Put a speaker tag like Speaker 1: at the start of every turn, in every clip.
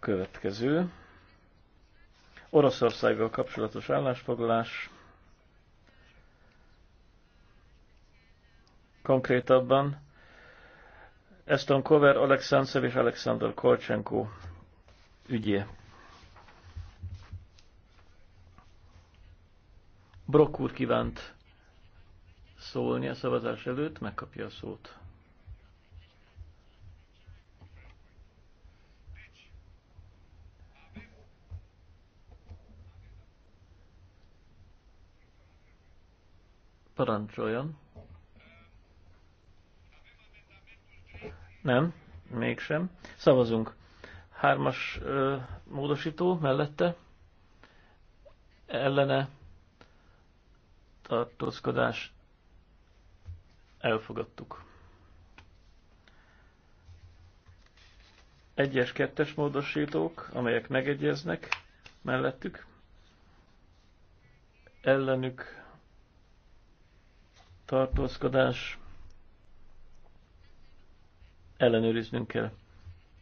Speaker 1: következő. Oroszországgal kapcsolatos állásfoglalás. Konkrétabban Eston Kover, Alexanszev és Alexander Kolcsenko ügyé. Brokkúr kívánt szólni a szavazás előtt, megkapja a szót. Parancsoljon. Nem, mégsem. Szavazunk. Hármas ö, módosító mellette. Ellene tartózkodás. Elfogadtuk. Egyes, kettes módosítók, amelyek megegyeznek mellettük. Ellenük tartózkodás, ellenőriznünk kell.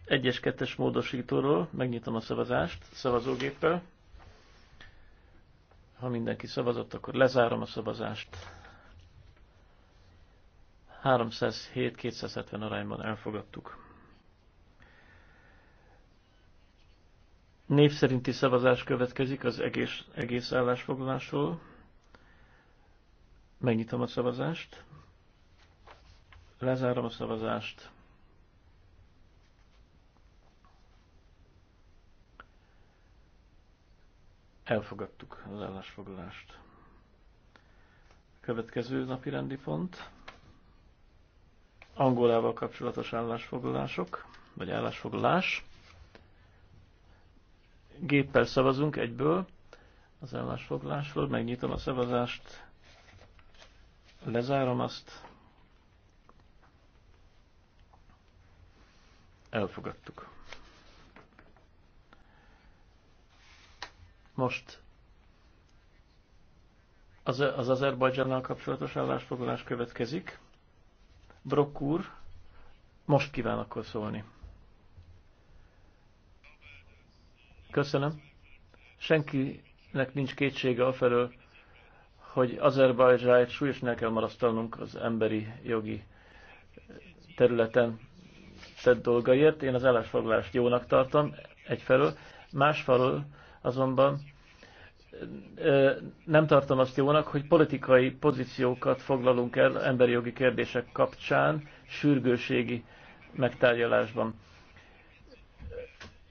Speaker 1: Egyes kettes módosítóról megnyitom a szavazást szavazógéppel. Ha mindenki szavazott, akkor lezárom a szavazást. 307-270 arányban elfogadtuk. Név szerinti szavazás következik az egész, egész állásfoglalásról. Megnyitom a szavazást. Lezárom a szavazást. Elfogadtuk az állásfoglalást. Következő napi rendi pont. Angolával kapcsolatos állásfoglalások, vagy állásfoglalás. Géppel szavazunk egyből az állásfoglalásról. Megnyitom a szavazást. Lezárom azt. Elfogadtuk. Most az, az Azerbajdzsánnal kapcsolatos állásfoglalás következik. Brok úr, most kíván akkor szólni. Köszönöm. Senkinek nincs kétsége afelől, hogy Azerbajdzsájt súlyos ne kell marasztalnunk az emberi jogi területen tett dolgaért. Én az állásfoglalást jónak tartom egyfelől, másfelől azonban nem tartom azt jónak, hogy politikai pozíciókat foglalunk el emberi jogi kérdések kapcsán sürgőségi megtárgyalásban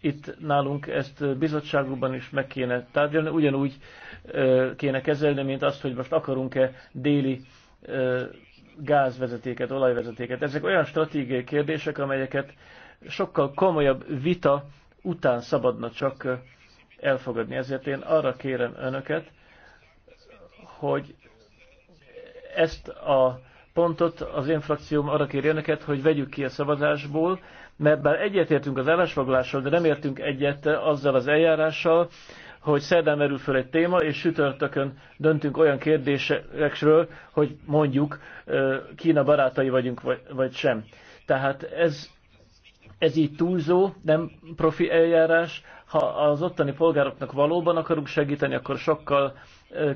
Speaker 1: itt nálunk ezt bizottságokban is meg kéne tárgyalni, ugyanúgy kéne kezelni, mint azt, hogy most akarunk-e déli gázvezetéket, olajvezetéket. Ezek olyan stratégiai kérdések, amelyeket sokkal komolyabb vita után szabadna csak elfogadni. Ezért én arra kérem önöket, hogy ezt a pontot az én frakcióm arra kéri önöket, hogy vegyük ki a szavazásból, mert bár egyetértünk az állásfoglalással, de nem értünk egyet azzal az eljárással, hogy szerdán merül föl egy téma, és sütörtökön döntünk olyan kérdésekről, hogy mondjuk Kína barátai vagyunk, vagy sem. Tehát ez, ez így túlzó, nem profi eljárás. Ha az ottani polgároknak valóban akarunk segíteni, akkor sokkal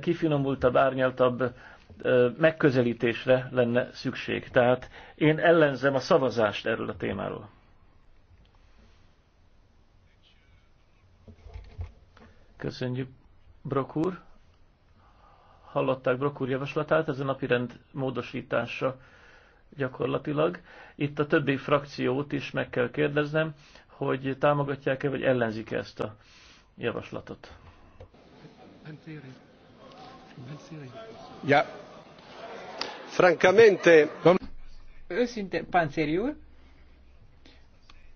Speaker 1: kifinomultabb, árnyaltabb megközelítésre lenne szükség. Tehát én ellenzem a szavazást erről a témáról. Köszönjük, Brok úr. Hallották Brok úr javaslatát, ez a napirend módosítása gyakorlatilag. Itt a többi frakciót is meg kell kérdeznem, hogy támogatják-e vagy ellenzik -e ezt a javaslatot.
Speaker 2: Ja, francamente... Őszinte, Páncéri úr,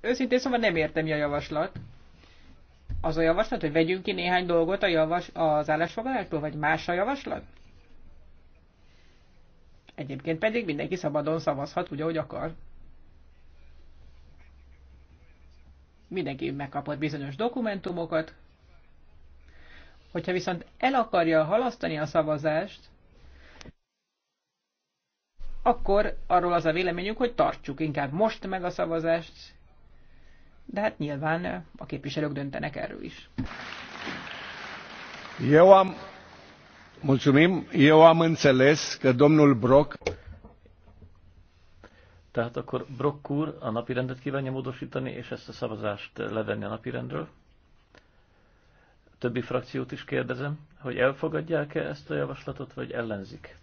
Speaker 2: őszintén szóval nem értem mi a javaslat. Az a javaslat, hogy vegyünk ki néhány dolgot a javas, az állásfoglalásból, vagy más a javaslat? Egyébként pedig mindenki szabadon szavazhat, úgy, ahogy akar. Mindenki megkapott bizonyos dokumentumokat. Hogyha viszont el akarja halasztani a szavazást, akkor arról az a véleményünk, hogy tartsuk inkább most meg a szavazást, de hát nyilván a képviselők döntenek erről is.
Speaker 1: Eu am, mulțumim, eu am înțeles că domnul Brock... Tehát akkor Brock úr a napirendet kívánja módosítani, és ezt a szavazást levenni a napirendről. Többi frakciót is kérdezem, hogy elfogadják-e ezt a javaslatot, vagy ellenzik?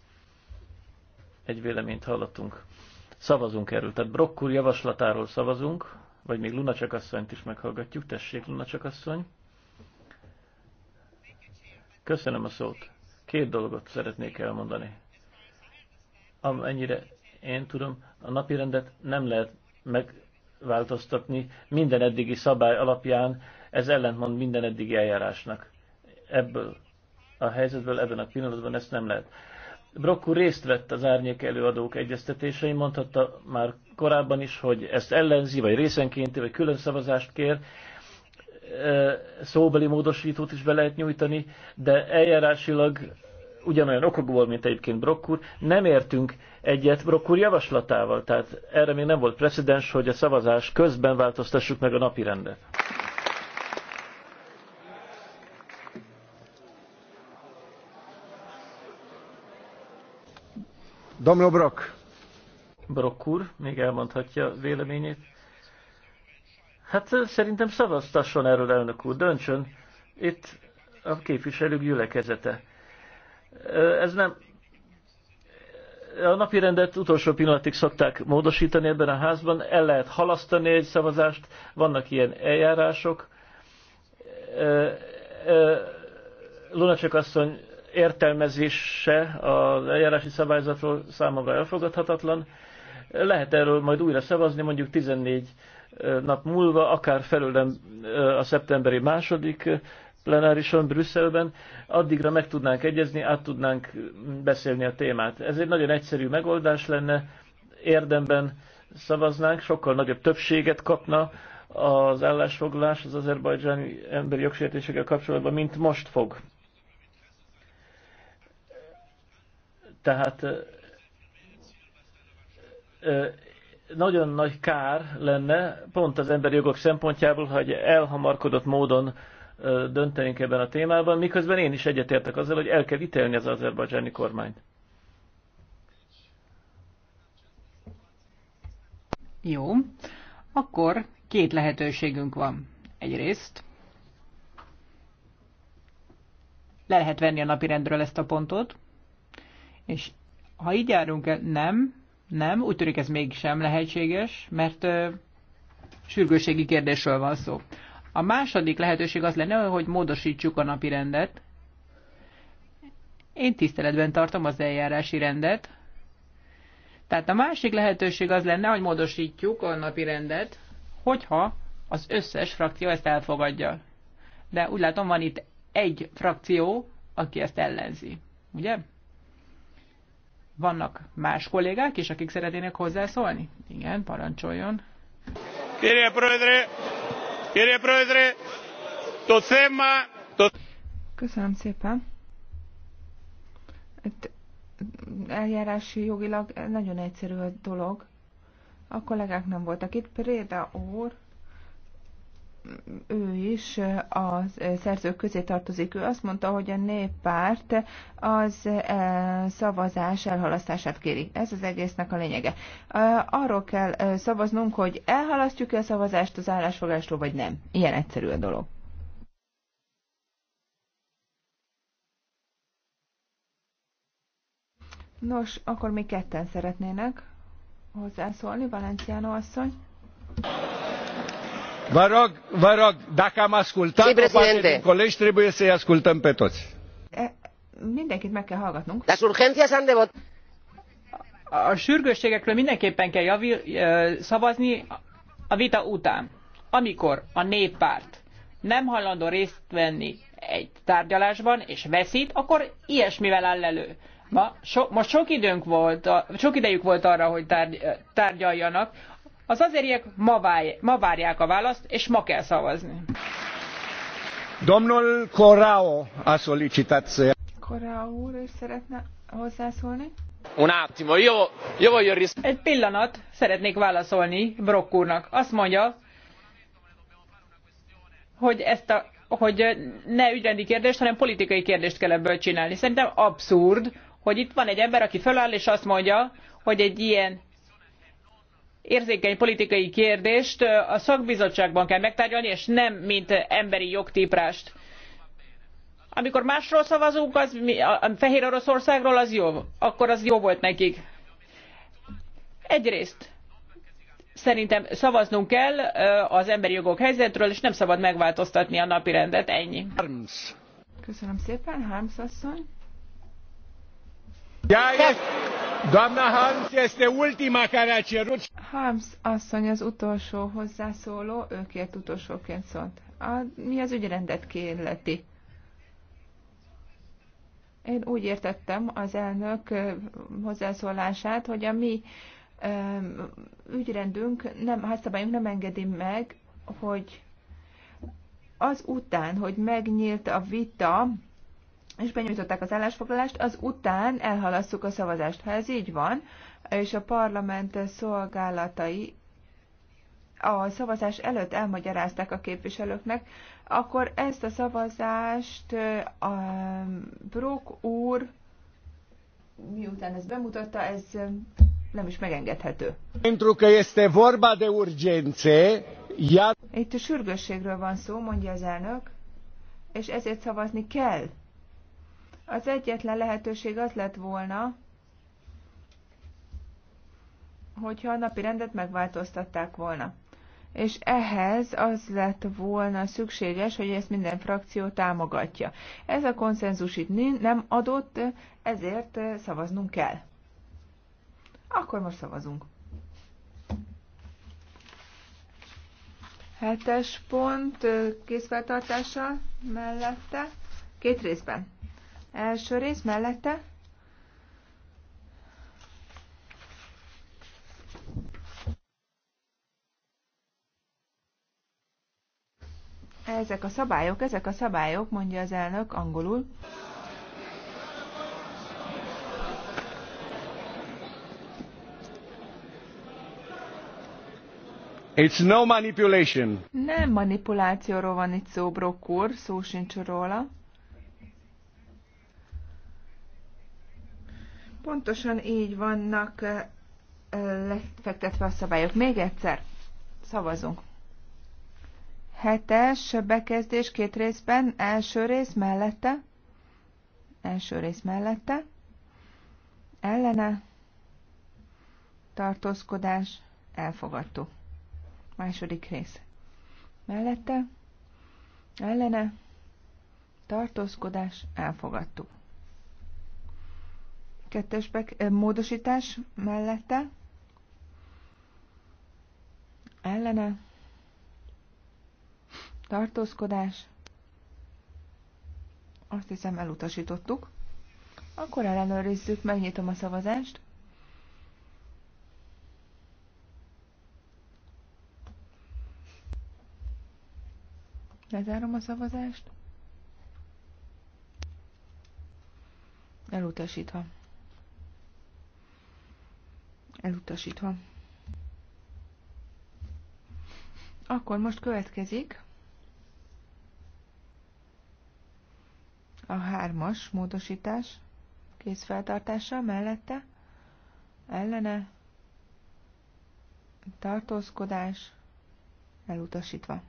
Speaker 1: egy véleményt hallottunk. Szavazunk erről. Tehát Brokkur javaslatáról szavazunk, vagy még Lunacsak asszonyt is meghallgatjuk. Tessék, Lunacsak asszony. Köszönöm a szót. Két dolgot szeretnék elmondani. Amennyire én tudom, a napi rendet nem lehet megváltoztatni minden eddigi szabály alapján, ez ellentmond minden eddigi eljárásnak. Ebből a helyzetből, ebben a pillanatban ezt nem lehet. Brokkú részt vett az árnyék előadók egyeztetésein, mondhatta már korábban is, hogy ezt ellenzi, vagy részenkénti, vagy külön szavazást kér, szóbeli módosítót is be lehet nyújtani, de eljárásilag ugyanolyan okokból, mint egyébként Brokkur, nem értünk egyet Brokkur javaslatával, tehát erre még nem volt precedens, hogy a szavazás közben változtassuk meg a napi rendet. Domnul Brock. Brock úr még elmondhatja véleményét. Hát szerintem szavaztasson erről elnök úr, döntsön. Itt a képviselő gyülekezete. Ez nem... A napi rendet utolsó pillanatig szokták módosítani ebben a házban, el lehet halasztani egy szavazást, vannak ilyen eljárások. Lunacek asszony értelmezése az eljárási szabályzatról számomra elfogadhatatlan. Lehet erről majd újra szavazni, mondjuk 14 nap múlva, akár felőlem a szeptemberi második plenárison Brüsszelben, addigra meg tudnánk egyezni, át tudnánk beszélni a témát. Ez egy nagyon egyszerű megoldás lenne, érdemben szavaznánk, sokkal nagyobb többséget kapna az állásfoglalás az azerbajdzsáni emberi jogsértésekkel kapcsolatban, mint most fog. Tehát nagyon nagy kár lenne pont az emberi jogok szempontjából, hogy elhamarkodott módon döntenénk ebben a témában, miközben én is egyetértek azzal, hogy el kell ítélni az azerbajdzsáni kormányt.
Speaker 2: Jó, akkor két lehetőségünk van. Egyrészt le lehet venni a napirendről ezt a pontot, és ha így járunk el, nem, nem, úgy tűnik ez mégsem lehetséges, mert ö, sürgőségi kérdésről van szó. A második lehetőség az lenne, hogy módosítsuk a napi rendet. Én tiszteletben tartom az eljárási rendet. Tehát a másik lehetőség az lenne, hogy módosítjuk a napi rendet, hogyha az összes frakció ezt elfogadja. De úgy látom, van itt egy frakció, aki ezt ellenzi. Ugye? Vannak más kollégák is, akik szeretnének hozzászólni? Igen, parancsoljon.
Speaker 1: Kérje Prödre! Kérje Prödre!
Speaker 3: Köszönöm szépen. Itt eljárási jogilag nagyon egyszerű a dolog. A kollégák nem voltak itt. Préda úr ő is a szerzők közé tartozik. Ő azt mondta, hogy a néppárt az e, szavazás elhalasztását kéri. Ez az egésznek a lényege. E, arról kell e, szavaznunk, hogy elhalasztjuk-e a szavazást az állásfogásról, vagy nem. Ilyen egyszerű a dolog. Nos, akkor mi ketten szeretnének hozzászólni, Valenciano asszony.
Speaker 2: Vă rog, vă rog, dacă am ascultat sí, presidente. o din colegi, trebuie să-i ascultăm pe toți.
Speaker 3: E, mindenkit meg kell hallgatnunk. Las urgencias han de votar.
Speaker 2: A sürgősségekről mindenképpen kell javil, e, szavazni a vita után. Amikor a néppárt nem hajlandó részt venni egy tárgyalásban, és veszít, akkor ilyesmivel áll elő. Ma so, most sok, időnk volt, sok idejük volt arra, hogy tárgy, tárgyaljanak. Az azériek ma, válj, ma várják a választ, és ma kell szavazni.
Speaker 1: Domnul Corrao
Speaker 2: a solicitat. Corrao úr, ő szeretne hozzászólni? Un attimo, io, io voglio Egy pillanat, szeretnék válaszolni Brock úrnak. Azt mondja, hogy ezt a hogy ne ügyrendi kérdést, hanem politikai kérdést kell ebből csinálni. Szerintem abszurd, hogy itt van egy ember, aki föláll és azt mondja, hogy egy ilyen érzékeny politikai kérdést a szakbizottságban kell megtárgyalni, és nem mint emberi jogtiprást. Amikor másról szavazunk, az a Fehér Oroszországról, az jó. Akkor az jó volt nekik. Egyrészt szerintem szavaznunk kell az emberi jogok helyzetről, és nem szabad megváltoztatni a napirendet. Ennyi.
Speaker 3: Köszönöm szépen, Harms asszony. Doamna Harms este ultima care a cerut. Harms asszony az utolsó hozzászóló, ő kért utolsóként szólt. A, mi az ügyrendet kérleti? Én úgy értettem az elnök hozzászólását, hogy a mi ügyrendünk, nem, házszabályunk nem engedi meg, hogy az után, hogy megnyílt a vita, és benyújtották az állásfoglalást, az után elhalasszuk a szavazást. Ha ez így van, és a parlament szolgálatai a szavazás előtt elmagyarázták a képviselőknek, akkor ezt a szavazást a Brok úr, miután ezt bemutatta, ez nem is
Speaker 2: megengedhető. de
Speaker 3: Itt a sürgősségről van szó, mondja az elnök, és ezért szavazni kell. Az egyetlen lehetőség az lett volna, hogyha a napi rendet megváltoztatták volna. És ehhez az lett volna szükséges, hogy ezt minden frakció támogatja. Ez a konszenzus itt nem adott, ezért szavaznunk kell. Akkor most szavazunk. Hetes pont készfeltartása mellette, két részben. Első rész mellette. Ezek a szabályok, ezek a szabályok, mondja az elnök angolul.
Speaker 2: It's no manipulation.
Speaker 3: Nem manipulációról van itt szó, Brokkur, szó sincs róla. Pontosan így vannak lefektetve a szabályok. Még egyszer szavazunk. Hetes bekezdés két részben, első rész mellette, első rész mellette, ellene, tartózkodás, elfogadtuk. Második rész. Mellette, ellene, tartózkodás, elfogadtuk. Kettes bek- eh, módosítás mellette. Ellene. Tartózkodás. Azt hiszem elutasítottuk. Akkor ellenőrizzük, megnyitom a szavazást. Lezárom a szavazást. Elutasítva elutasítva. Akkor most következik a hármas módosítás készfeltartása mellette, ellene, tartózkodás, elutasítva.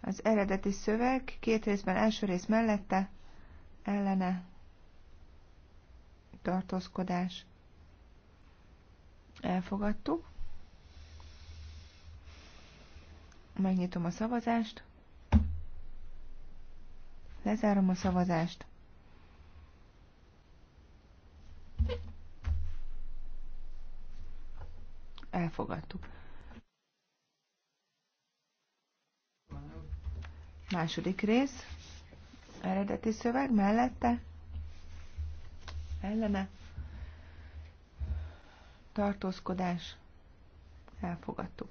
Speaker 3: Az eredeti szöveg két részben első rész mellette, ellene, tartózkodás elfogadtuk. Megnyitom a szavazást. Lezárom a szavazást. Elfogadtuk. Második rész. Eredeti szöveg mellette ellene tartózkodás elfogadó.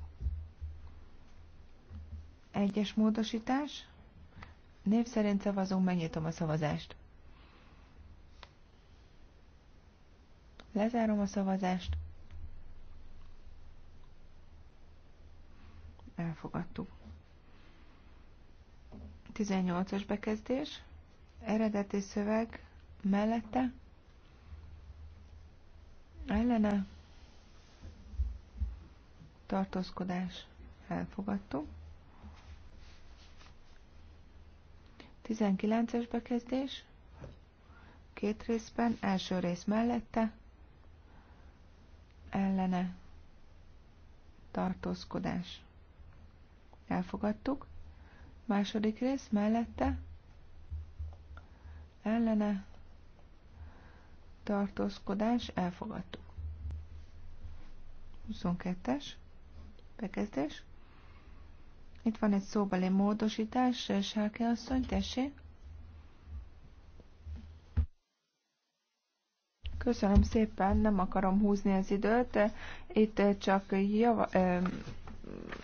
Speaker 3: Egyes módosítás. Név szerint szavazunk, megnyitom a szavazást. Lezárom a szavazást. Elfogadtuk. 18-as bekezdés. Eredeti szöveg mellette ellene tartózkodás elfogadtuk. 19-es bekezdés, két részben, első rész mellette, ellene tartózkodás. Elfogadtuk. Második rész mellette, ellene tartózkodás, elfogadtuk. 22-es, bekezdés. Itt van egy szóbeli módosítás, Sárke asszony, tessé. Köszönöm szépen, nem akarom húzni az időt, itt csak java,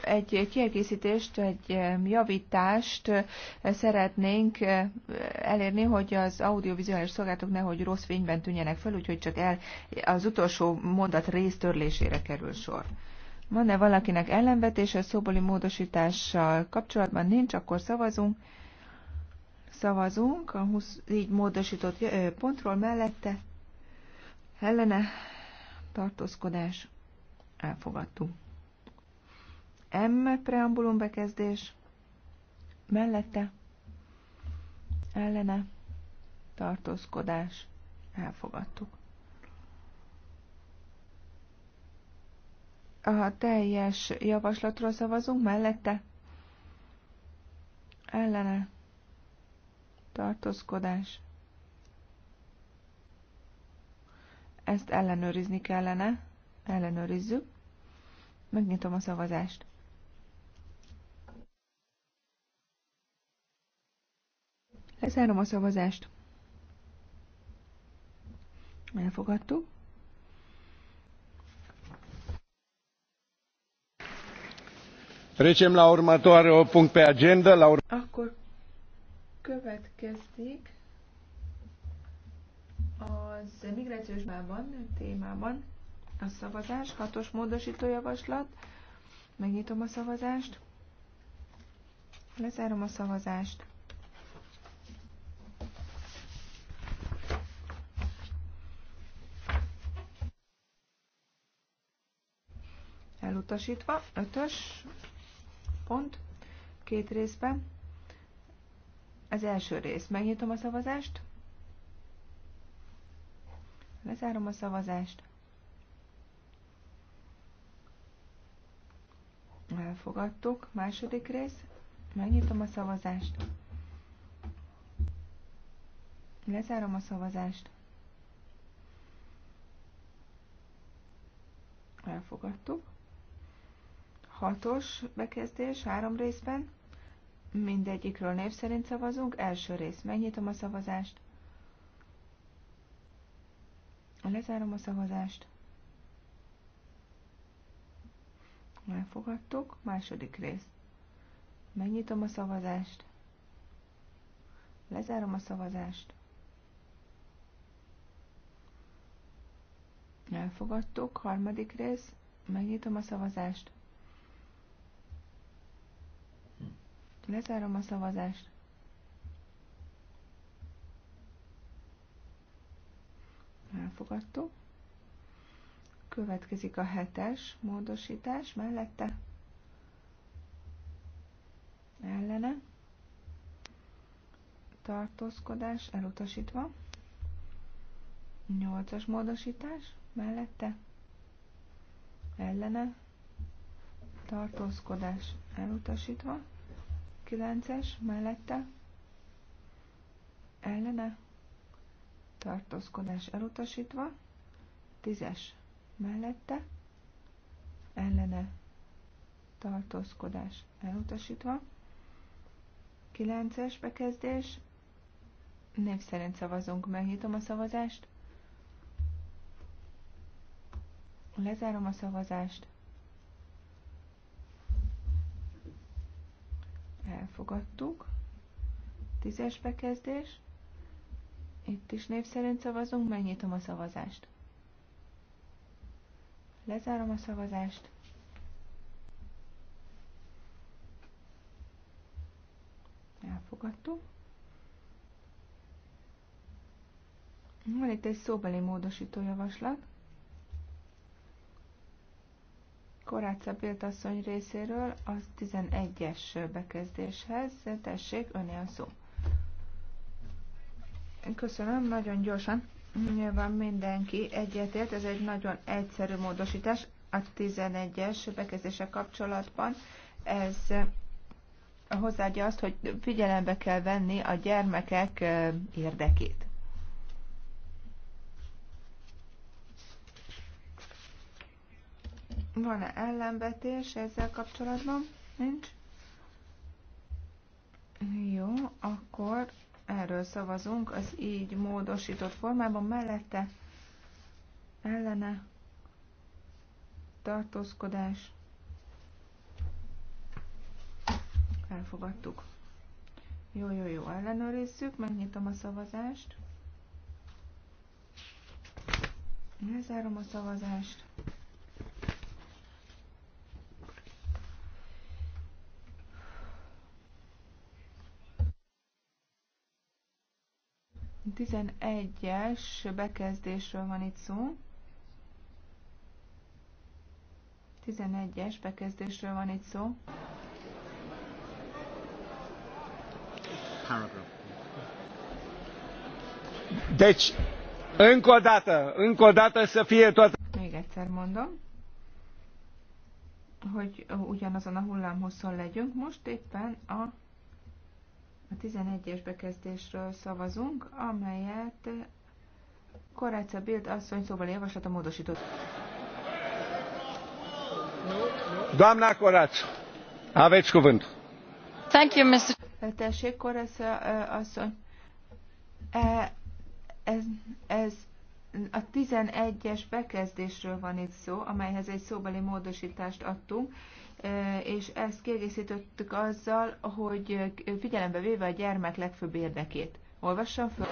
Speaker 3: egy kiegészítést, egy javítást eh, szeretnénk eh, elérni, hogy az audiovizuális szolgáltatók nehogy rossz fényben tűnjenek fel, úgyhogy csak el az utolsó mondat résztörlésére kerül sor. Van-e valakinek ellenvetése szóbeli módosítással kapcsolatban? Nincs, akkor szavazunk. Szavazunk a 20, így módosított eh, pontról mellette. Ellene tartózkodás elfogadtunk. M preambulum bekezdés mellette ellene tartózkodás elfogadtuk. A teljes javaslatról szavazunk mellette ellene tartózkodás. Ezt ellenőrizni kellene. Ellenőrizzük. Megnyitom a szavazást. Lezárom a szavazást. Elfogadtuk.
Speaker 1: Trecem la următorul punct pe agenda. La ur-
Speaker 3: Akkor következik az migrációs mában, témában a szavazás, hatos módosító javaslat. Megnyitom a szavazást. Lezárom a szavazást. utasítva Ötös pont, két részben. Az első rész. Megnyitom a szavazást. Lezárom a szavazást. Elfogadtuk. Második rész. Megnyitom a szavazást. Lezárom a szavazást. Elfogadtuk. Hatos bekezdés három részben. Mindegyikről név szerint szavazunk. Első rész. Megnyitom a szavazást. Lezárom a szavazást. Elfogadtuk. Második rész. Megnyitom a szavazást. Lezárom a szavazást. Elfogadtuk. Harmadik rész. Megnyitom a szavazást. Lezárom a szavazást. Elfogadtuk. Következik a hetes módosítás mellette. Ellene. Tartózkodás elutasítva. Nyolcas módosítás mellette. Ellene. Tartózkodás elutasítva. 9-es mellette ellene tartózkodás elutasítva, 10-es mellette ellene tartózkodás elutasítva, 9-es bekezdés, név szerint szavazunk, megnyitom a szavazást, lezárom a szavazást, elfogadtuk. Tízes bekezdés. Itt is név szerint szavazunk, megnyitom a szavazást. Lezárom a szavazást. Elfogadtuk. Van itt egy szóbeli módosító javaslat. Koráca Bildasszony részéről az 11-es bekezdéshez. Tessék, a szó. Köszönöm, nagyon gyorsan. Nyilván mindenki egyetért, ez egy nagyon egyszerű módosítás a 11-es bekezdése kapcsolatban. Ez hozzáadja azt, hogy figyelembe kell venni a gyermekek érdekét. Van-e ellenvetés ezzel kapcsolatban? Nincs. Jó, akkor erről szavazunk az így módosított formában mellette ellene tartózkodás elfogadtuk. Jó, jó, jó, ellenőrizzük, megnyitom a szavazást. Lezárom a szavazást. 11-es bekezdésről van itt szó. 11-es
Speaker 2: bekezdésről
Speaker 3: van itt szó.
Speaker 2: Deci, încă o dată, încă o dată să fie toată... Még egyszer mondom,
Speaker 3: hogy ugyanazon a hullámhosszon legyünk. Most éppen a 11-es bekezdésről szavazunk, amelyet Koráca Bild asszony szóval javaslata módosított.
Speaker 1: Doamna Coraț, aveți
Speaker 2: cuvânt.
Speaker 3: Thank you, Mr. Tessék, Koráca asszony. E, ez, ez a 11-es bekezdésről van itt szó, amelyhez egy szóbeli módosítást adtunk, és ezt kiegészítettük azzal, hogy figyelembe véve a gyermek legfőbb érdekét. Olvassam föl.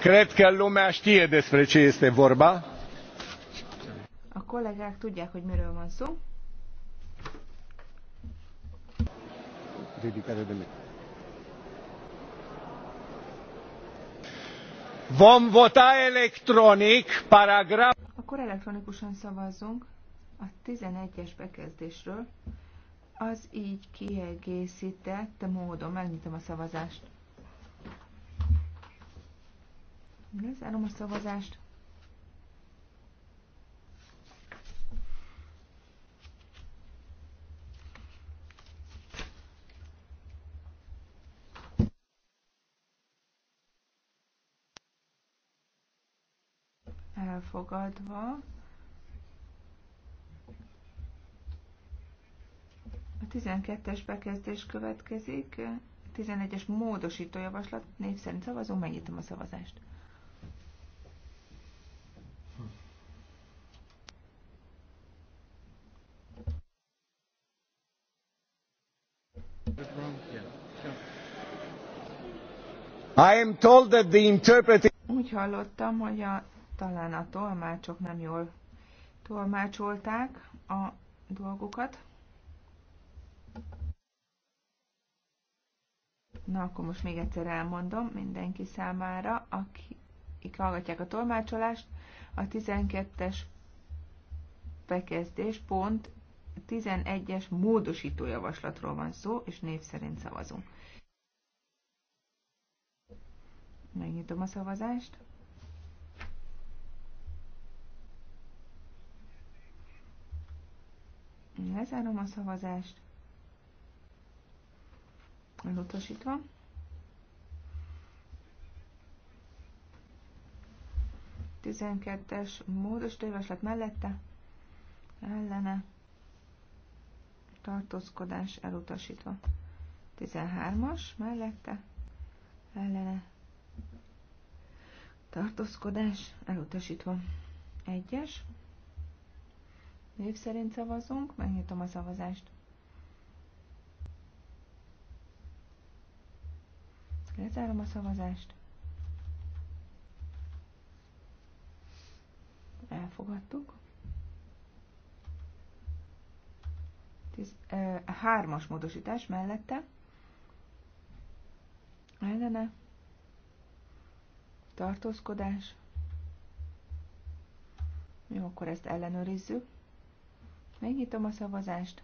Speaker 2: Cred că lumea știe despre ce este vorba.
Speaker 3: A kollégák tudják, hogy miről van szó.
Speaker 1: Vom vota electronic,
Speaker 3: paragraf... Akkor elektronikusan szavazzunk a 11-es bekezdésről, az így kiegészített módon. Megnyitom a szavazást. Lezárom a szavazást. Elfogadva. 12-es bekezdés következik, 11-es módosító javaslat, név szerint szavazunk, megnyitom a szavazást. I am told that the interpreting... Úgy hallottam, hogy a, talán a tolmácsok nem jól tolmácsolták a dolgokat. Na, akkor most még egyszer elmondom mindenki számára, akik hallgatják a tolmácsolást, a 12-es bekezdés pont 11-es módosító javaslatról van szó, és név szerint szavazunk. Megnyitom a szavazást. Lezárom a szavazást elutasítva. Tizenkettes módos javaslat mellette ellene tartózkodás elutasítva. 13-as mellette ellene tartózkodás elutasítva. egyes, név szerint szavazunk, megnyitom a szavazást. Lezárom a szavazást. Elfogadtuk. Tiz, ö, hármas módosítás mellette. Ellene. Tartózkodás. Jó, akkor ezt ellenőrizzük. Megnyitom a szavazást.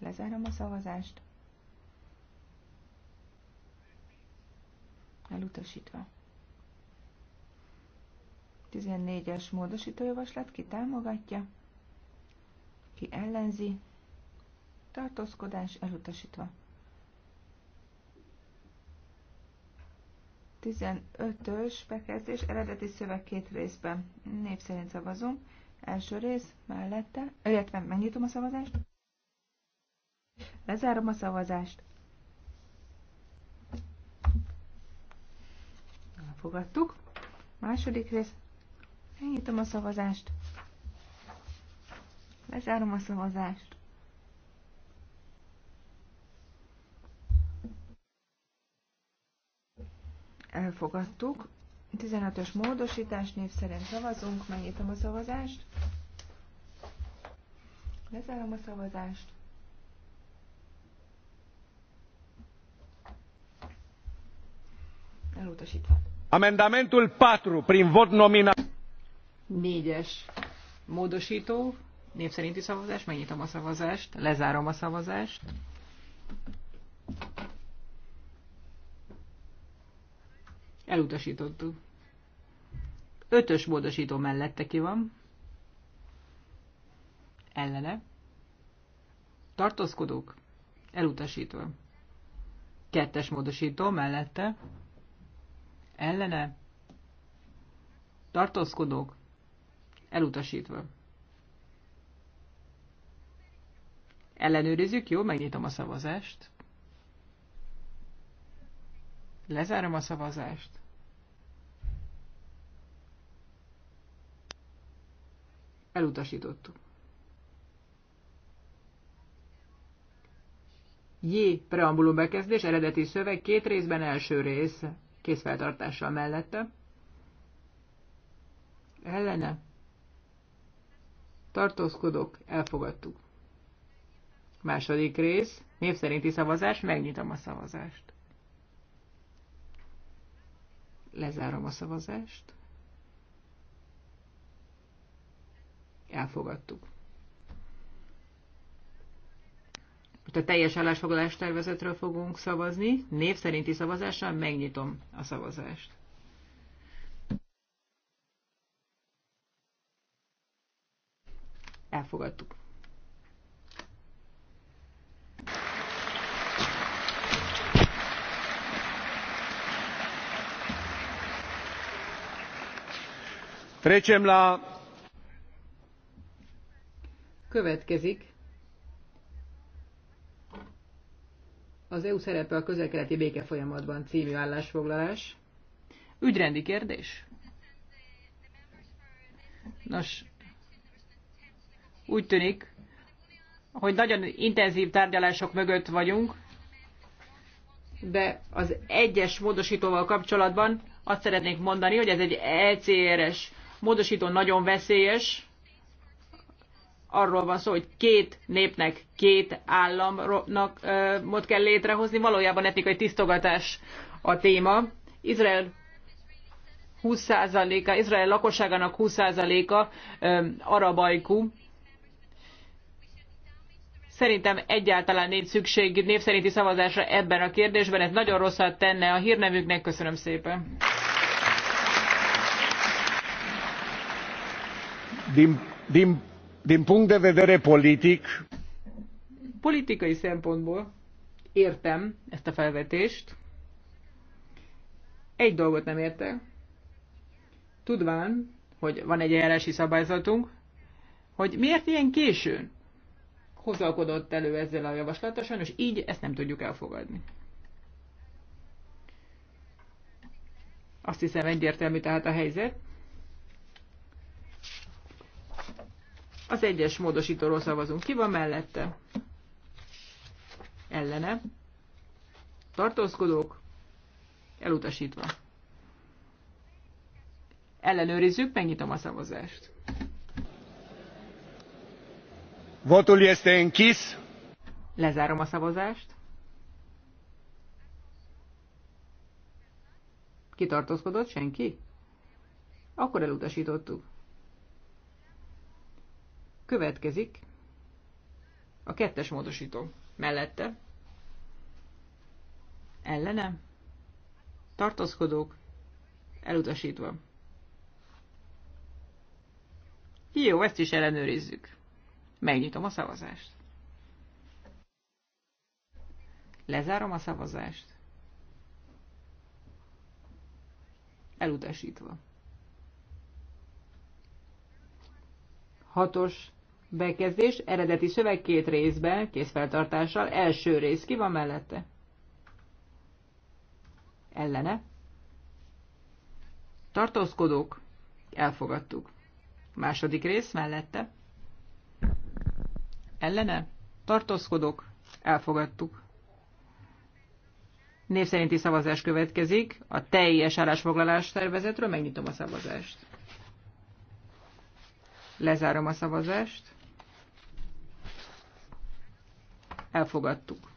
Speaker 3: Lezárom a szavazást. Elutasítva. 14-es módosítójavaslat ki támogatja, ki ellenzi, tartózkodás elutasítva. 15-ös bekezdés eredeti szöveg két részben. Név szerint szavazunk. Első rész mellette, illetve megnyitom a szavazást. Lezárom a szavazást. Elfogadtuk. Második rész. Megnyitom a szavazást. Lezárom a szavazást. Elfogadtuk. 15-ös módosítás név szerint szavazunk. Megnyitom a szavazást. Lezárom a szavazást.
Speaker 2: elutasítva.
Speaker 1: Amendamentul 4, prin vot nominal.
Speaker 2: Négyes módosító, név szerinti szavazás, megnyitom a szavazást, lezárom a szavazást. Elutasítottuk. Ötös módosító mellette ki van. Ellene. Tartózkodók. Elutasítva. Kettes módosító mellette ellene tartózkodók elutasítva. Ellenőrizzük, jó, megnyitom a szavazást. Lezárom a szavazást. Elutasítottuk. J. Preambulum bekezdés, eredeti szöveg, két részben első része készfeltartással mellette. Ellene. Tartózkodok, elfogadtuk. Második rész, név szerinti szavazás, megnyitom a szavazást. Lezárom a szavazást. Elfogadtuk. Most a teljes állásfoglalás tervezetről fogunk szavazni. Név szerinti szavazással megnyitom a szavazást. Elfogadtuk. Trecem la... Következik Az EU szerepe a közelkeleti béke folyamatban című állásfoglalás. Ügyrendi kérdés? Nos, úgy tűnik, hogy nagyon intenzív tárgyalások mögött vagyunk, de az egyes módosítóval kapcsolatban azt szeretnék mondani, hogy ez egy ECRS módosító nagyon veszélyes, arról van szó, hogy két népnek, két államnak mot kell létrehozni. Valójában etnikai tisztogatás a téma. Izrael 20%-a, Izrael lakosságának 20%-a arabajkú. Szerintem egyáltalán nincs szükség népszerinti szerinti szavazásra ebben a kérdésben. Ez nagyon rosszat tenne a hírnevüknek. Köszönöm szépen.
Speaker 1: Dim, Dim Din punct de vedere politic...
Speaker 2: Politikai szempontból értem ezt a felvetést. Egy dolgot nem értek. Tudván, hogy van egy eljárási szabályzatunk, hogy miért ilyen későn hozalkodott elő ezzel a javaslata, sajnos így ezt nem tudjuk elfogadni. Azt hiszem egyértelmű tehát a helyzet. Az egyes módosítóról szavazunk. Ki van mellette? Ellene. Tartózkodók. Elutasítva. Ellenőrizzük, megnyitom a szavazást. Votul este închis. Lezárom a szavazást. Kitartózkodott senki? Akkor elutasítottuk. Következik a kettes módosító. Mellette. Ellene. Tartózkodók. Elutasítva. Jó, ezt is ellenőrizzük. Megnyitom a szavazást. Lezárom a szavazást. Elutasítva. Hatos bekezdés, eredeti szöveg két részben, készfeltartással, első rész ki van mellette? Ellene. Tartózkodók, elfogadtuk. Második rész mellette. Ellene. Tartózkodók, elfogadtuk. Név szerinti szavazás következik. A teljes állásfoglalás tervezetről megnyitom a szavazást. Lezárom a szavazást. elfogadtuk.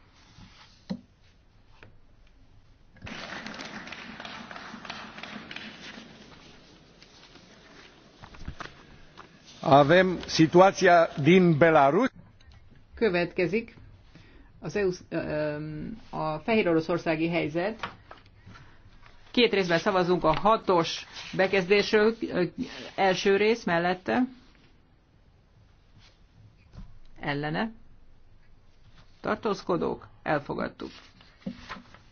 Speaker 1: Avem situația din Belarus.
Speaker 2: Következik az EU, um, a fehér oroszországi helyzet. Két részben szavazunk a hatos bekezdésről, első rész mellette, ellene, tartózkodók, elfogadtuk.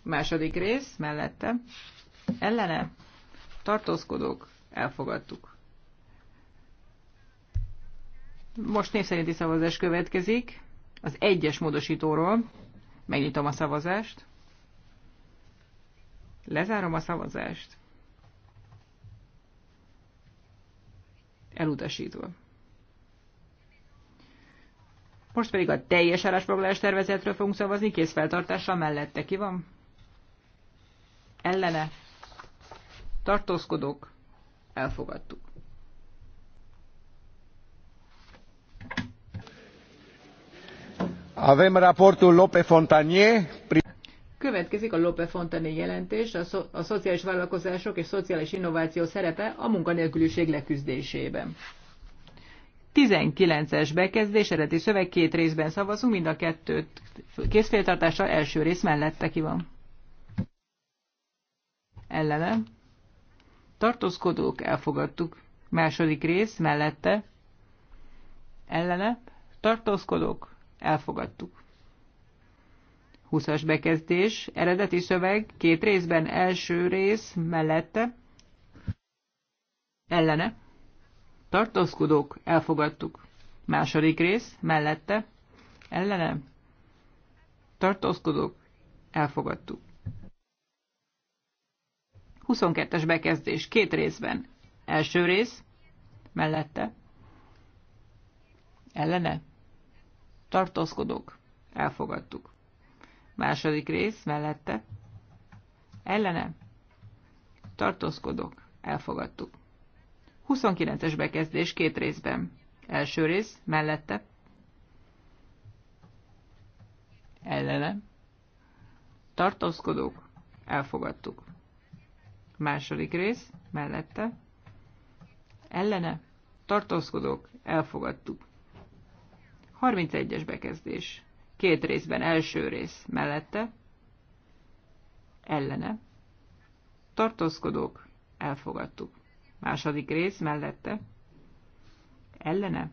Speaker 2: Második rész, mellette, ellene, tartózkodók, elfogadtuk. Most név szerinti szavazás következik. Az egyes módosítóról megnyitom a szavazást. Lezárom a szavazást. Elutasítva. Most pedig a teljes állásfoglalás tervezetről fogunk szavazni, készfeltartással mellette. Ki van? Ellene. Tartózkodók. Elfogadtuk. Avem raportul Lope Fontanier. Következik a Lope Fontané jelentés, a, szo- a szociális vállalkozások és szociális innováció szerepe a munkanélküliség leküzdésében. 19-es bekezdés, eredeti szöveg, két részben szavazunk, mind a kettőt készféltartással, első rész mellette ki van. Ellene. Tartózkodók, elfogadtuk. Második rész, mellette. Ellene. Tartózkodók, elfogadtuk. 20-as bekezdés, eredeti szöveg, két részben, első rész, mellette. Ellene tartózkodók, elfogadtuk. Második rész, mellette, ellene, tartózkodók, elfogadtuk. 22-es bekezdés, két részben. Első rész, mellette, ellene, tartózkodók, elfogadtuk. Második rész, mellette, ellene, tartózkodók, elfogadtuk. 29-es bekezdés két részben. Első rész, mellette. Ellene. Tartózkodók. Elfogadtuk. Második rész, mellette. Ellene. Tartózkodók. Elfogadtuk. 31-es bekezdés. Két részben, első rész, mellette. Ellene. Tartózkodók. Elfogadtuk Második rész mellette. Ellene.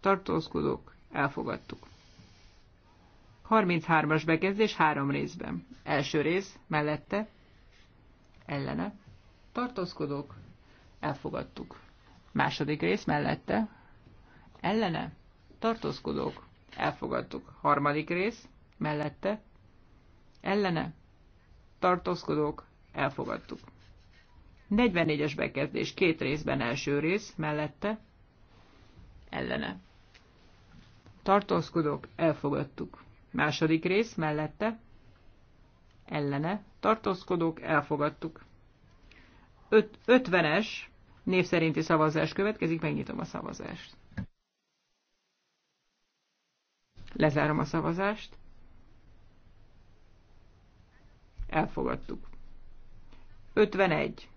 Speaker 2: Tartózkodók. Elfogadtuk. 33-as bekezdés három részben. Első rész mellette. Ellene. Tartózkodók. Elfogadtuk. Második rész mellette. Ellene. Tartózkodók. Elfogadtuk. Harmadik rész mellette. Ellene. Tartózkodók. Elfogadtuk. 44-es bekezdés két részben első rész mellette ellene. Tartózkodok, elfogadtuk. Második rész mellette ellene. Tartózkodok, elfogadtuk. 50-es név szerinti szavazás következik, megnyitom a szavazást. Lezárom a szavazást. Elfogadtuk. 51.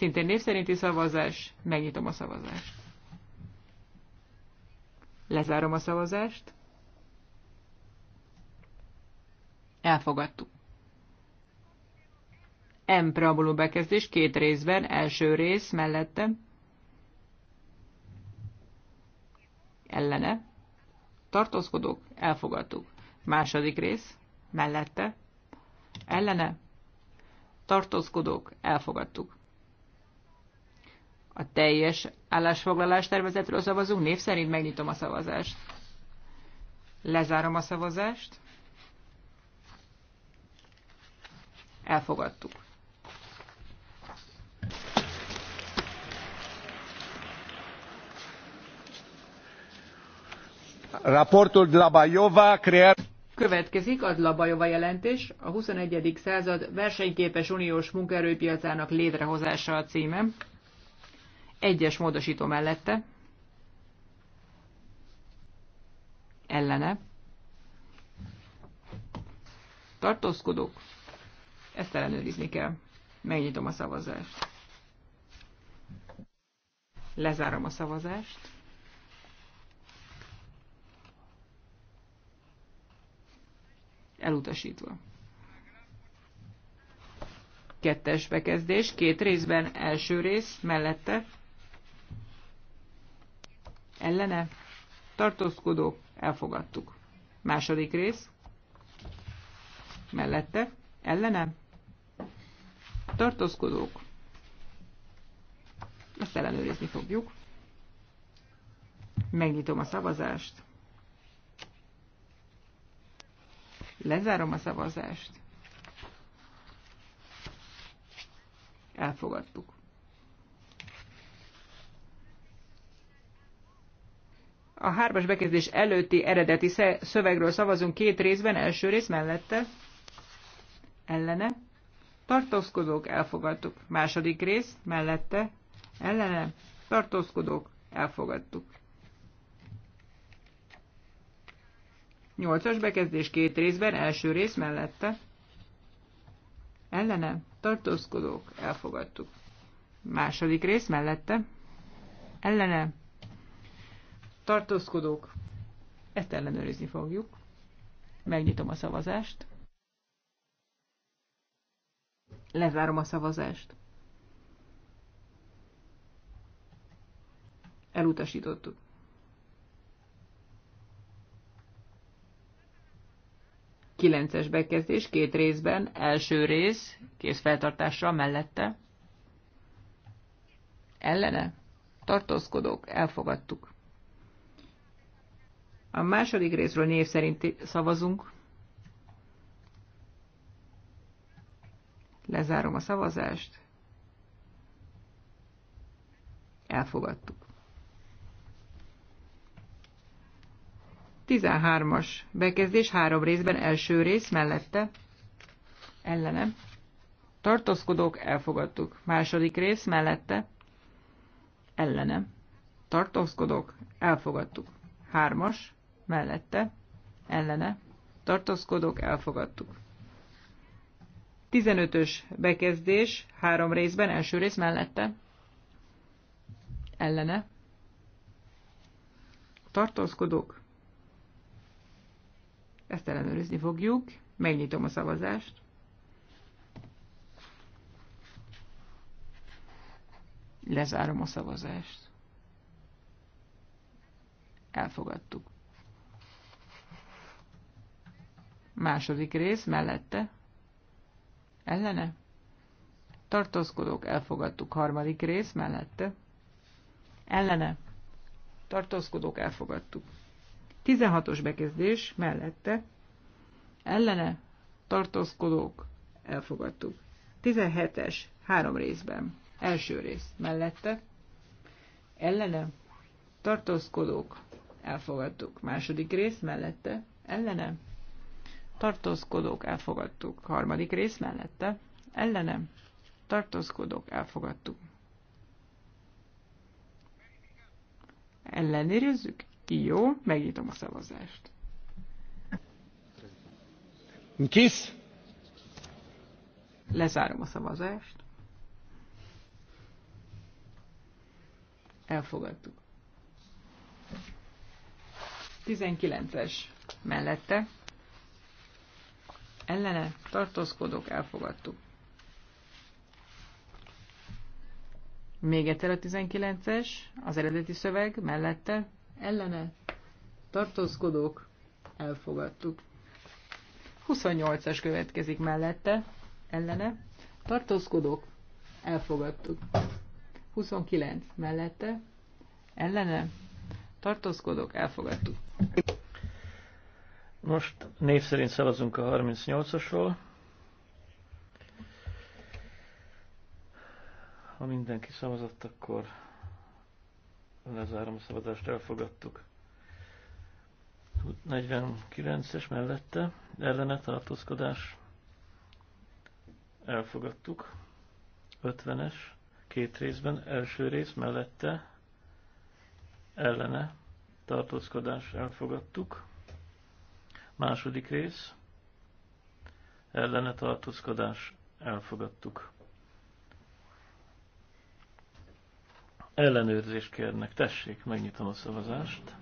Speaker 2: Szintén név szerinti szavazás. Megnyitom a szavazást. Lezárom a szavazást. Elfogadtuk. M preambuló bekezdés két részben, első rész mellette. Ellene. Tartózkodók, elfogadtuk. Második rész, mellette. Ellene. Tartózkodók, elfogadtuk. A teljes állásfoglalás tervezetről szavazunk. Név szerint megnyitom a szavazást. Lezárom a szavazást. Elfogadtuk.
Speaker 1: Raportul Labajova creat...
Speaker 2: Következik a Labajova jelentés, a 21. század versenyképes uniós munkaerőpiacának létrehozása a címem egyes módosító mellette, ellene, tartózkodok, ezt ellenőrizni kell. Megnyitom a szavazást. Lezárom a szavazást. Elutasítva. Kettes bekezdés, két részben, első rész, mellette, ellene tartózkodók elfogadtuk. Második rész mellette ellene tartózkodók ezt ellenőrizni fogjuk. Megnyitom a szavazást. Lezárom a szavazást. Elfogadtuk. a hármas bekezdés előtti eredeti szövegről szavazunk két részben, első rész mellette, ellene, tartózkodók, elfogadtuk. Második rész, mellette, ellene, tartózkodók, elfogadtuk. Nyolcas bekezdés két részben, első rész mellette, ellene, tartózkodók, elfogadtuk. Második rész mellette, ellene, tartózkodók, ezt ellenőrizni fogjuk. Megnyitom a szavazást. Lezárom a szavazást. Elutasítottuk. Kilences bekezdés két részben, első rész, készfeltartásra mellette. Ellene? Tartózkodók, elfogadtuk. A második részről név szerint szavazunk. Lezárom a szavazást. Elfogadtuk. 13-as bekezdés három részben első rész mellette ellenem. Tartózkodók elfogadtuk. Második rész mellette ellenem. Tartózkodók elfogadtuk. Hármas mellette, ellene, tartózkodók, elfogadtuk. 15-ös bekezdés, három részben, első rész mellette, ellene, tartózkodók, ezt ellenőrizni fogjuk, megnyitom a szavazást. Lezárom a szavazást. Elfogadtuk. Második rész mellette. Ellene. Tartózkodók elfogadtuk. Harmadik rész mellette. Ellene. Tartózkodók elfogadtuk. 16-os bekezdés mellette. Ellene. Tartózkodók elfogadtuk. 17-es három részben. Első rész mellette. Ellene. Tartózkodók elfogadtuk. Második rész mellette. Ellene tartózkodók elfogadtuk. Harmadik rész mellette, ellenem, tartózkodók elfogadtuk. Ellenőrizzük? Jó, megnyitom a szavazást. Kis. Lezárom a szavazást. Elfogadtuk. 19-es mellette ellene tartózkodók elfogadtuk. Még egyszer a 19-es, az eredeti szöveg mellette ellene tartózkodók elfogadtuk. 28-as következik mellette ellene tartózkodók elfogadtuk. 29 mellette ellene tartózkodók elfogadtuk.
Speaker 1: Most név szerint szavazunk a 38-osról. Ha mindenki szavazott, akkor lezárom a szavazást, elfogadtuk. 49-es mellette, ellene tartózkodás, elfogadtuk. 50-es, két részben, első rész mellette, ellene tartózkodás, elfogadtuk Második rész. Ellene tartózkodás. Elfogadtuk. Ellenőrzést kérnek. Tessék, megnyitom a szavazást.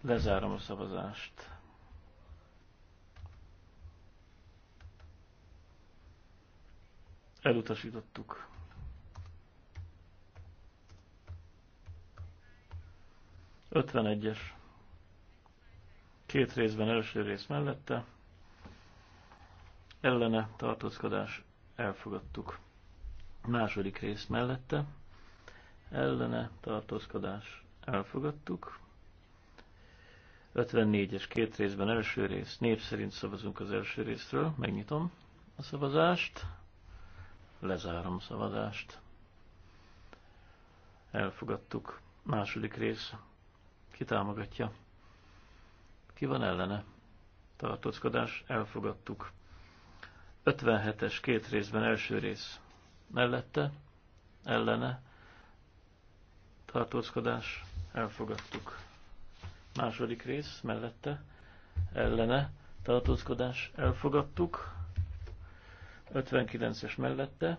Speaker 1: Lezárom a szavazást. Elutasítottuk. Ötvenegyes. Két részben első rész mellette. Ellene tartózkodás elfogadtuk. Második rész mellette. Ellene tartózkodás elfogadtuk. 54-es két részben első rész. Nép szerint szavazunk az első részről. Megnyitom a szavazást. Lezárom a szavazást. Elfogadtuk. Második rész. Ki támogatja? Ki van ellene? Tartózkodás. Elfogadtuk. 57-es két részben első rész. Mellette? Ellene? Tartózkodás. Elfogadtuk. Második rész. Mellette? Ellene? Tartózkodás. Elfogadtuk. 59-es mellette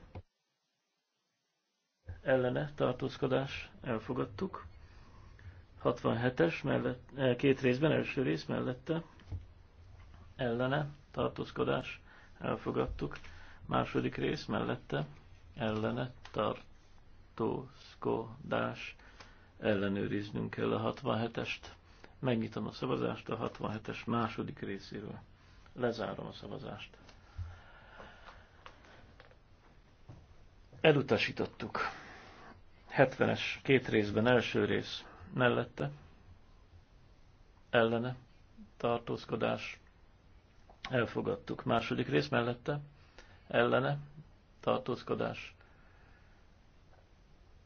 Speaker 1: ellene tartózkodás elfogadtuk. 67-es mellett, eh, két részben, első rész mellette, ellene, tartózkodás, elfogadtuk. Második rész mellette, ellene, tartózkodás, ellenőriznünk kell a 67-est. Megnyitom a szavazást a 67-es második részéről. Lezárom a szavazást. Elutasítottuk. 70-es, két részben első rész mellette ellene tartózkodás elfogadtuk. Második rész mellette ellene tartózkodás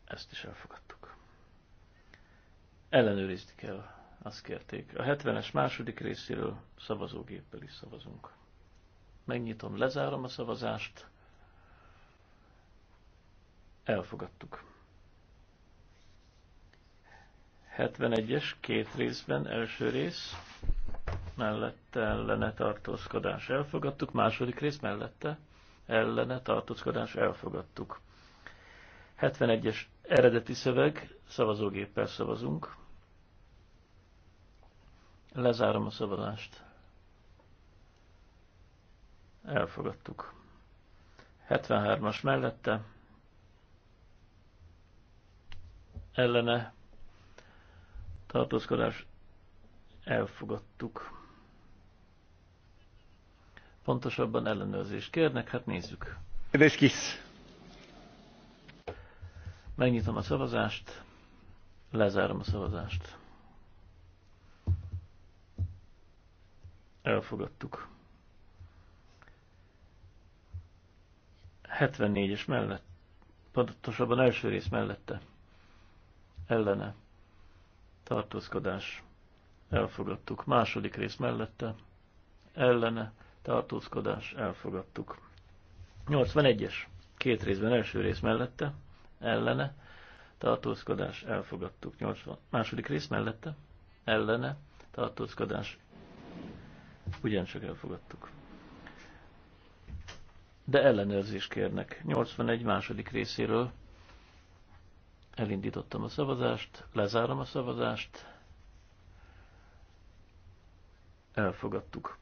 Speaker 1: ezt is elfogadtuk. Ellenőrizni kell, azt kérték. A 70-es második részéről szavazógéppel is szavazunk. Megnyitom, lezárom a szavazást. Elfogadtuk. 71-es két részben, első rész mellette ellene tartózkodás elfogadtuk, második rész mellette ellene tartózkodás elfogadtuk. 71-es eredeti szöveg, szavazógéppel szavazunk. Lezárom a szavazást. Elfogadtuk. 73-as mellette ellene tartózkodás elfogadtuk. Pontosabban ellenőrzést kérnek, hát nézzük.
Speaker 2: Veskis.
Speaker 1: Megnyitom a szavazást, lezárom a szavazást. Elfogadtuk. 74-es mellett, pontosabban első rész mellette, ellene tartózkodás, elfogadtuk. Második rész mellette, ellene, tartózkodás, elfogadtuk. 81-es, két részben, első rész mellette, ellene, tartózkodás, elfogadtuk. 80. Második rész mellette, ellene, tartózkodás, ugyancsak elfogadtuk. De ellenőrzést kérnek. 81 második részéről Elindítottam a szavazást, lezárom a szavazást. Elfogadtuk.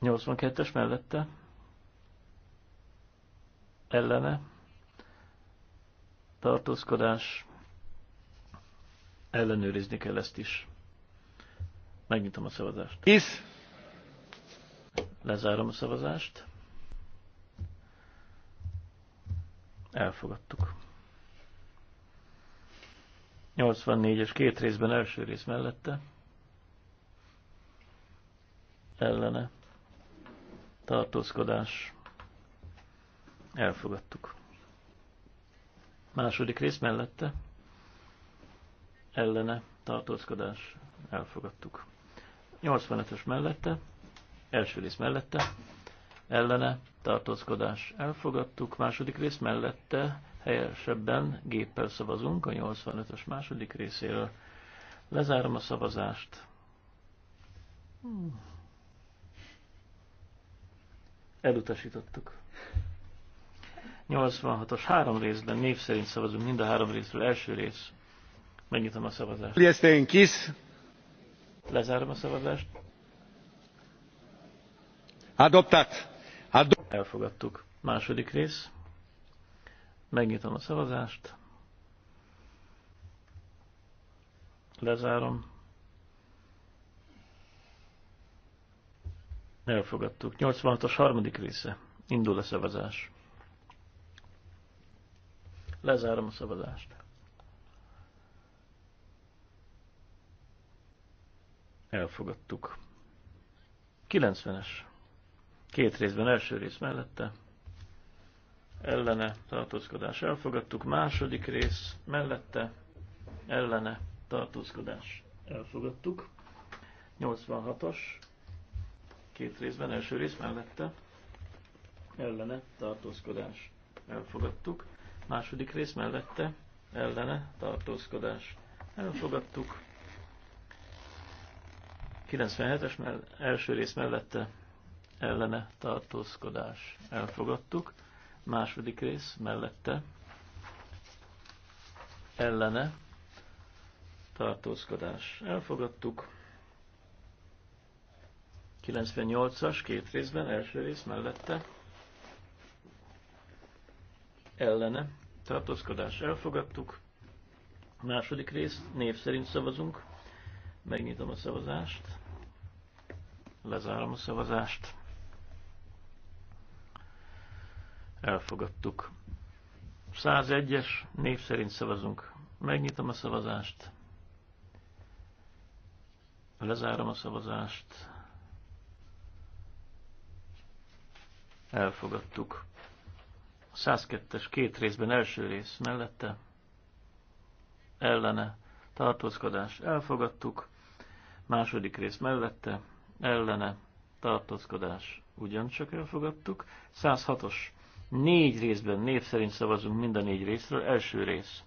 Speaker 1: 82-es mellette. Ellene. Tartózkodás. Ellenőrizni kell ezt is. Megnyitom a szavazást. Is. Lezárom a szavazást. Elfogadtuk. 84-es két részben első rész mellette. Ellene. Tartózkodás. Elfogadtuk. Második rész mellette. Ellene. Tartózkodás. Elfogadtuk. 85-ös mellette. Első rész mellette ellene tartózkodás elfogadtuk, második rész mellette helyesebben géppel szavazunk a 85-ös második részéről. Lezárom a szavazást. Elutasítottuk. 86-os három részben név szerint szavazunk mind a három részről. Első rész. Megnyitom a szavazást. Lezárom a szavazást. Adoptat. Elfogadtuk. Második rész. Megnyitom a szavazást. Lezárom. Elfogadtuk. 86-os harmadik része. Indul a szavazás. Lezárom a szavazást. Elfogadtuk. 90-es. Két részben, első rész mellette. Ellene tartózkodás elfogadtuk. Második rész mellette. Ellene tartózkodás elfogadtuk. 86 as Két részben, első rész mellette. Ellene tartózkodás elfogadtuk. Második rész mellette. Ellene tartózkodás elfogadtuk. 97-es első rész mellette ellene tartózkodás elfogadtuk. Második rész mellette ellene tartózkodás elfogadtuk. 98-as két részben, első rész mellette ellene tartózkodás elfogadtuk. Második rész név szerint szavazunk. Megnyitom a szavazást. Lezárom a szavazást. Elfogadtuk. 101-es név szerint szavazunk. Megnyitom a szavazást. Lezárom a szavazást. Elfogadtuk. 102-es két részben első rész mellette. Ellene. Tartózkodás. Elfogadtuk. Második rész mellette. Ellene. Tartózkodás. Ugyancsak elfogadtuk. 106-os Négy részben név szerint szavazunk mind a négy részről. Első rész.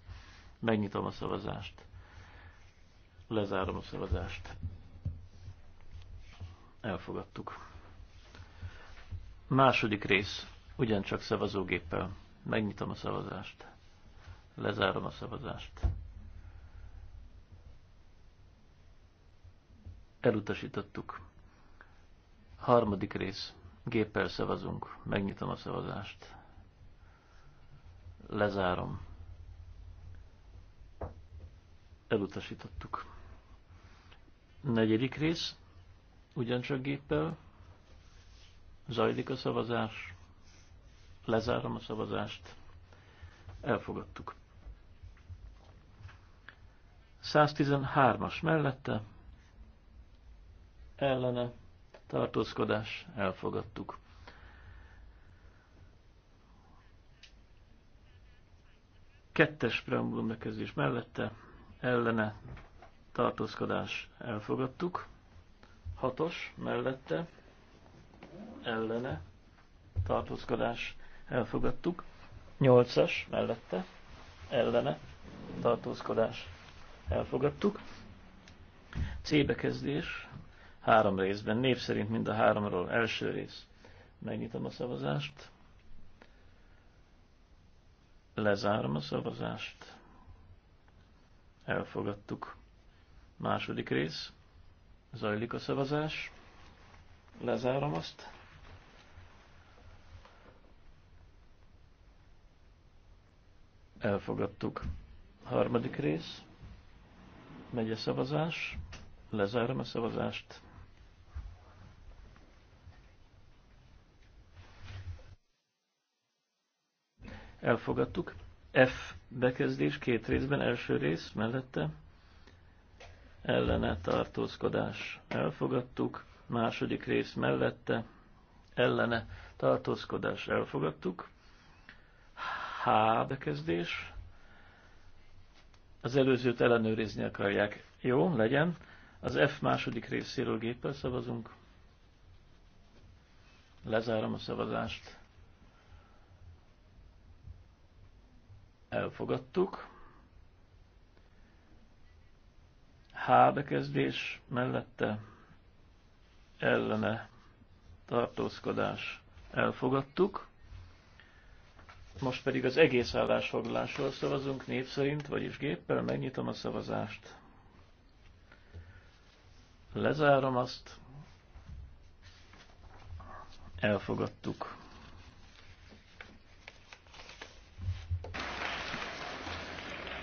Speaker 1: Megnyitom a szavazást. Lezárom a szavazást. Elfogadtuk. Második rész. Ugyancsak szavazógéppel. Megnyitom a szavazást. Lezárom a szavazást. Elutasítottuk. Harmadik rész. Géppel szavazunk. Megnyitom a szavazást. Lezárom. Elutasítottuk. Negyedik rész. Ugyancsak géppel. Zajlik a szavazás. Lezárom a szavazást. Elfogadtuk. 113-as mellette. Ellene tartózkodás, elfogadtuk. Kettes preambulum bekezdés mellette, ellene, tartózkodás, elfogadtuk. Hatos mellette, ellene, tartózkodás, elfogadtuk. Nyolcas mellette, ellene, tartózkodás, elfogadtuk. C bekezdés három részben, név szerint mind a háromról. Első rész. Megnyitom a szavazást. Lezárom a szavazást. Elfogadtuk. Második rész. Zajlik a szavazás. Lezárom azt. Elfogadtuk. Harmadik rész. Megy a szavazás. Lezárom a szavazást. elfogadtuk. F bekezdés két részben, első rész mellette ellene tartózkodás elfogadtuk, második rész mellette ellene tartózkodás elfogadtuk. H bekezdés. Az előzőt ellenőrizni akarják. Jó, legyen. Az F második részéről géppel szavazunk. Lezárom a szavazást. elfogadtuk. H bekezdés mellette ellene tartózkodás elfogadtuk. Most pedig az egész állásfoglalásról szavazunk név szerint, vagyis géppel megnyitom a szavazást. Lezárom azt. Elfogadtuk.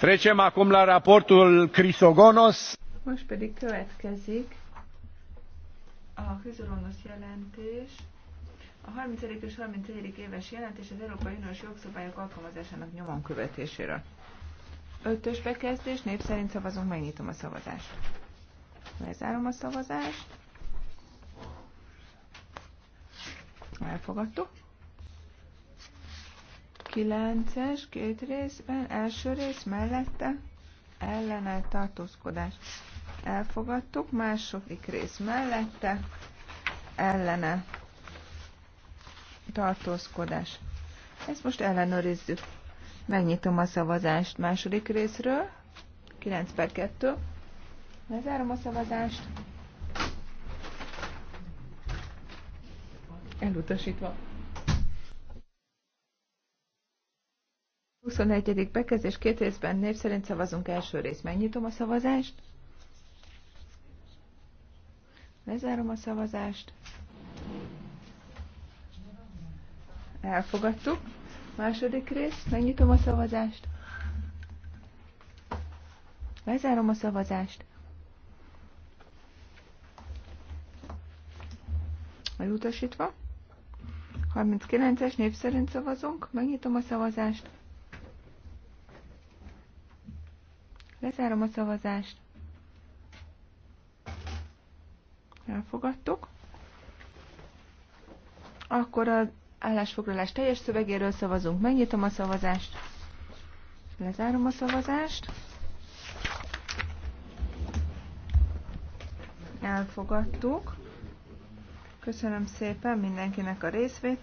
Speaker 1: Trecem acum la raportul Crisogonos.
Speaker 3: Most pedig következik a Crisogonos jelentés. A 30. és 31. éves jelentés az Európai Uniós jogszabályok alkalmazásának nyomon követéséről. Ötös bekezdés, név szerint szavazunk, megnyitom a szavazást. Lezárom a szavazást. Elfogadtuk. 9-es, két részben, első rész mellette, ellene tartózkodás. Elfogadtuk, második rész mellette, ellene tartózkodás. Ezt most ellenőrizzük. Megnyitom a szavazást második részről. 9 per 2. Lezárom a szavazást. Elutasítva. 21. bekezdés két részben név szerint szavazunk első rész. Megnyitom a szavazást. Lezárom a szavazást. Elfogadtuk. Második rész. Megnyitom a szavazást. Lezárom a szavazást. Elutasítva. 39-es név szerint szavazunk. Megnyitom a szavazást. Lezárom a szavazást. Elfogadtuk. Akkor az állásfoglalás teljes szövegéről szavazunk. Megnyitom a szavazást. Lezárom a szavazást. Elfogadtuk. Köszönöm szépen mindenkinek a részvét.